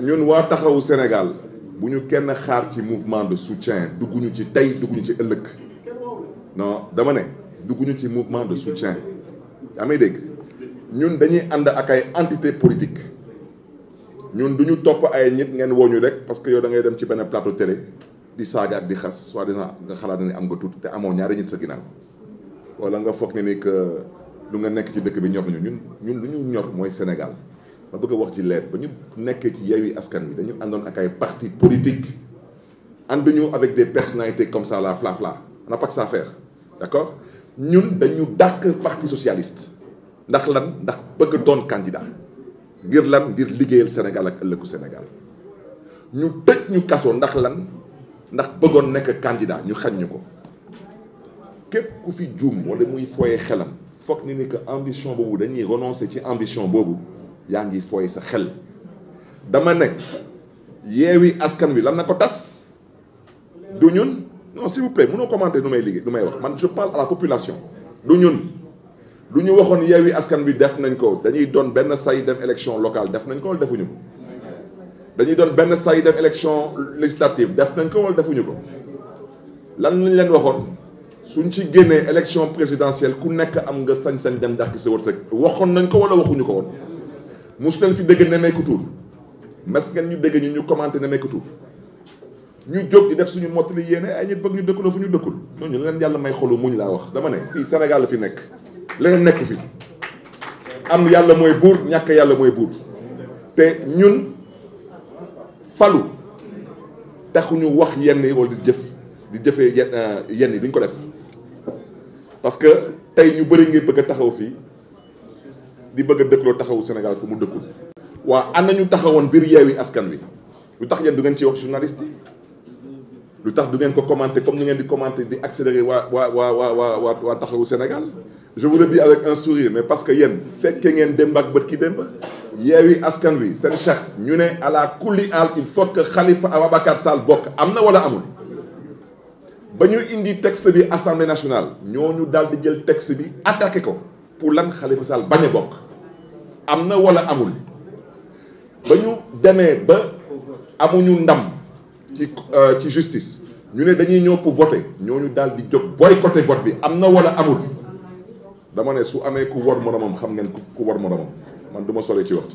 ñun waa taxawu Sénégal bu ñu kenn xaar ci mouvement de soutien dugguñu ci tey dugguñu ci ëllëg non dama ne dugguñu ci mouvement de soutien yaa may dégg ñun dañuy ànd ak ay entité politique ñun du ñu topp ay nit ngeen woñu rek parce que yow da ngay dem ci benn plateau télé di saaga ak di xas soi-disant nga xalaat ni am nga tuut te amoo ñaari nit sa ginnaaw wala nga foog ne ni que lu nga nekk ci dëkk bi ñor nañu ñun ñun lu ñu ñor mooy Sénégal ba bëgg a wax ci leer ba ñu nekkee ci Yewwi Askan bi dañu àndoon ak ay partis politiques ànduñu avec des personnalités comme ça la fla-fla on n'a pas que ça d'accord ñun dañu dàq parti socialiste ndax lan ndax bëgg doon candidat ngir lan ngir liggéeyal Sénégal ak ëllëgu Sénégal ñu tëj ñu kaso ndax lan ndax bëggoon nekk candidat ñu xañ ñu ko képp ku fi juum wala muy foyee xelam foog ni ni que ambition boobu dañuy renoncer ci ambition boobu yaa ngi fooy sa xel dama ne yeewi askan wi lan na ko tas du ñun non s'il vous plaît mënoo commenter nu may liggéey nu may wax man je parle à la population du ñun lu ñu waxoon yeewi askan wi def nañ ko dañuy doon benn say dem élection locale def nañ ko wala defuñu ko dañuy doon benn say dem élection législative def nañ ko wala defuñu ko lan lañ leen waxoon suñ ci génnee élection présidentielle ku nekk am nga sañ-sañ dem ndax ki sa waxoon nañ ko wala waxuñu ko woon mosu leen fi dégg Nemmeeku Tour mas ngeen ñu dégg ñu ñu commenté Nemmeeku Tour ñu jóg di def suñu mottali yéene ay nit bëgg ñu dëkkuloo fu ñu dëkkul ñu leen yàlla may xolu ñu laa wax dama ne fii Sénégal la fi nekk leneen nekk fi am yàlla mooy buur ñàkk yàlla mooy buur te ñun falu taxuñu wax yenn yi wala di jëf di jëfee yenn yi duñ ko def parce que tey ñu bëri ngir bëgg a taxaw fii di bëgg a dëkkloo taxawu Sénégal fu mu dëkkul waa na ñu taxawoon biir yeewi askan wi lu tax yéen du ngeen ci wax journaliste yi lu tax du ngeen ko commenter comme ni ngeen di commenter di accélérer waa waa waa waa waa waa taxawu Sénégal je vous le dis avec un sourire mais parce que yéen fekkee ngeen démb ak bët ki démb yeewi askan wi seen charte ñu ne à la kulli al il faut que bokk am na wala amul ba ñu indi texte bi assemblée nationale ñooñu daal di jël texte bi attaqué ko pour lan Khalifa Sall bañ a bokk am na wala amul ba ñu demee ba amuñu ndam ci euh, ci justice ñu ne dañuy ñëw pour voter ñu daal di jóg boycotté vote bi am na wala amul dama ne su amee ku war moromam xam ngeen ku war moromam man du ma sore ci wax